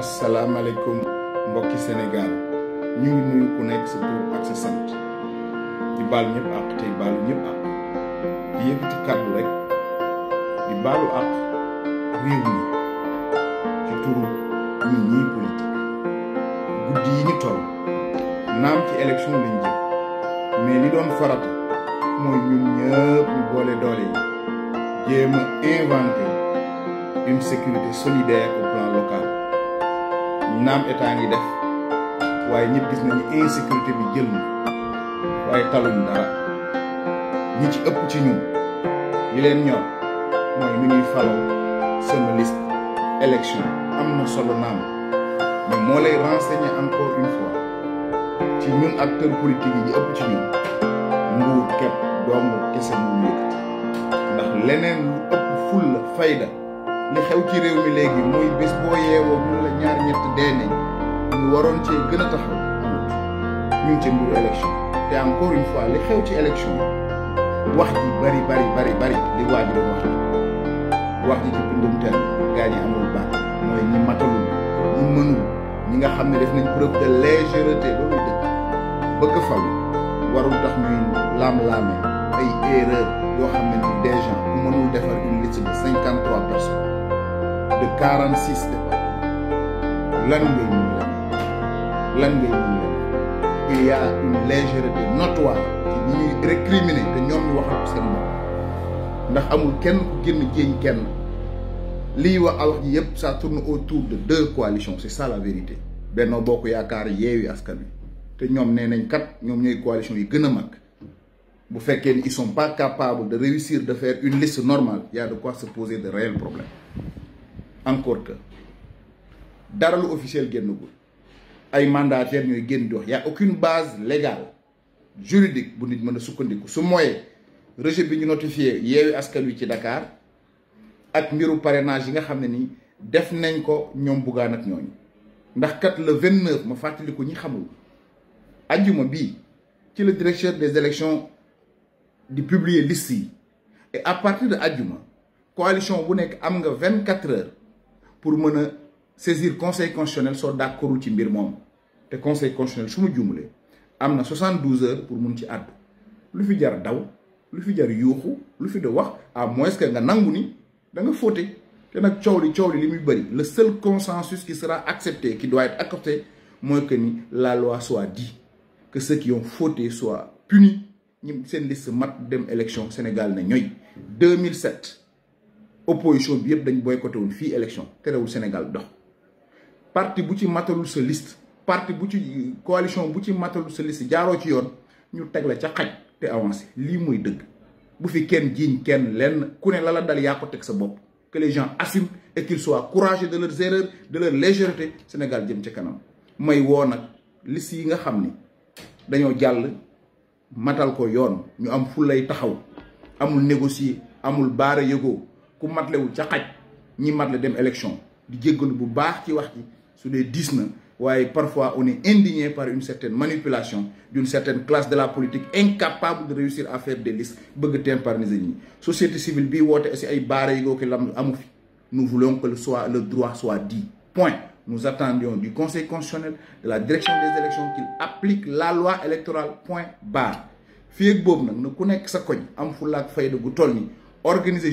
asalaamaaleykum mbokki Sénégal ñu ngi nuyu ku nekk sa tur ak sa sant di baal ñëpp tey baalu ñëpp àq di yëkkati kàddu rek di baalu réew mi ci turu ñun ñii politique guddi yi naam ci élection li ñun ñëpp boole doole yi jéem a inventé une sécurité solidaire au plan local. naam état ngi def waaye ñëpp gis nañu insécurité bi jël na waaye taluñ dara ñi ci ëpp ci ñun ñi leen ñor mooy nu ñuy faloo sama liste am na solo naam mais moo lay renseigner encore une fois ci ñun acteur politique yi ëpp ci ñun nguur képp doomu kese mu yëkkati ndax leneen lu ëpp ful fayda li xew ci réew mi léegi muy bés boo yeewoo mun la ñaar ñett dee nañ ñu waroon ci gën a taxaw amut ñu ngi ci mbiru élection te encore une li xew ci élection wax ji bari bari bari bari li waaj doon wax wax ji ci bindum tel gaa ñi amul baax mooy ñi matalul ñi mënul ñi nga xam ne def nañ preuve de légèreté loolu dëkk bëgg fal warul tax ñuy laam-laame ay erreur yoo xam ne ni déjà ku mënul defar une liste de cinquante trois personnes de 46 départements lan ngay il y a une légèreté notoire qui est récriminée. de te ñoom ñu waxal ko seen bopp ndax amul kenn ku kenn ça tourne autour de deux coalitions c'est ça la vérité Benno Bokk Yaakaar Yewwi Askan Wi te nyom nee kat nyom nyom. coalition yi gën a mag bu fait qu'ils sont pas capables de réussir de faire une liste normale il y a de quoi se poser de réels problèmes encore que dara lu officiel génnagul ay mandataire ñooy génn di ya y a aucune base légale juridique bu nit mëna sukkandiku su moye rejet bi ñu notifié yeewi askan wi ci Dakar ak mbiru parrainage yi nga xamné ni def nañ ko ñom bugaan ak ñooñu ndax kat le 29 ma fàttali ko ñi xamul aljuma bi ci le directeur des élections di publier liste et à partir de aljuma coalition bu nek am nga 24 heures pour me saisir conseil constitutionnel sur d'accord ci mbir moom te conseil constitutionnel su ma jumlee 72 heures pour mun ci àddu lu fi jar daw lu fi jar yuuxu lu fi wax à moins que nga nangu ni da nga fóote te nag coow li le seul consensus qui sera accepté qui doit être accepté c'est que ni la loi soit dite que ceux qui ont fauté soient punis Ni seen liste mat dem élection Sénégal na ñooy 2007 opposition bi yëpp dañ boycotté won fi élection terewul Sénégal dox parti bu ci matalul sa liste parti bu ci coalition bu ci matalul sa liste jaaroo ci yoon ñu teg ci ca xaj te avancé lii mooy dëgg bu fi kenn jiiñ kenn lenn ku ne la la dal ya ko teg sa bop que les gens assument et qu'ils soient courageux de leurs erreurs de leur légèreté Sénégal jëm ci kanam may wo nak liste yi nga xamni ni jall matal ko yoon ñu am fulay taxaw amul négocier amul baara yego ku wu ca xaj ñi matlé dem élection di jéggalu bu baax ci wax ci su dee 10 na waye parfois on est indigné par une certaine manipulation d'une certaine classe de la politique incapable de réussir à faire des listes bëgg tympaniser ñi société civile bi woté ci ay baara yi ki lam nous voulons que le droit soit dit point nous attendions du conseil constitutionnel de la direction des élections qu'il applique la loi électorale point barre fi ak bob nak na ku nek sa koñ am fulla ak fayda gu organiser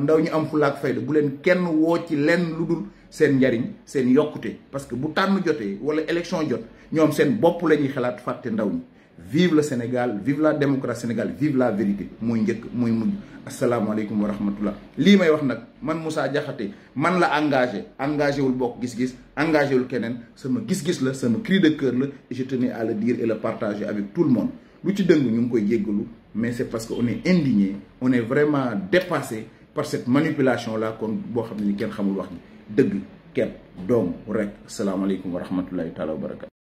ndaw ñu am fulaak fayda bu len kenn wo ci len luddul dul seen njariñ seen yokkute parce que bu tànn joté wala élection jot ñom seen bop la ñuy faté ndaw ñi vive le Sénégal vive la démocratie Sénégal vive la vérité mooy njëkk mooy mujj asalaamaaleykum wa rahmatullah li may wax nak man Moussa Diakhaté man la engagé engagé wul bokk gis-gis engagé wul keneen sama gis-gis la sama cri de cœur la et je tenais à le dire et le partager avec tout le monde lu ci dëng ñu ngi koy jéggalu mais c'est parce qu'on est indigné on est vraiment dépassé par cette manipulation là kon boo xam ne ni kenn xamul wax ni dëgg kepp doom rek salaamaaleykum wa rahmatullahi taala wa barakatu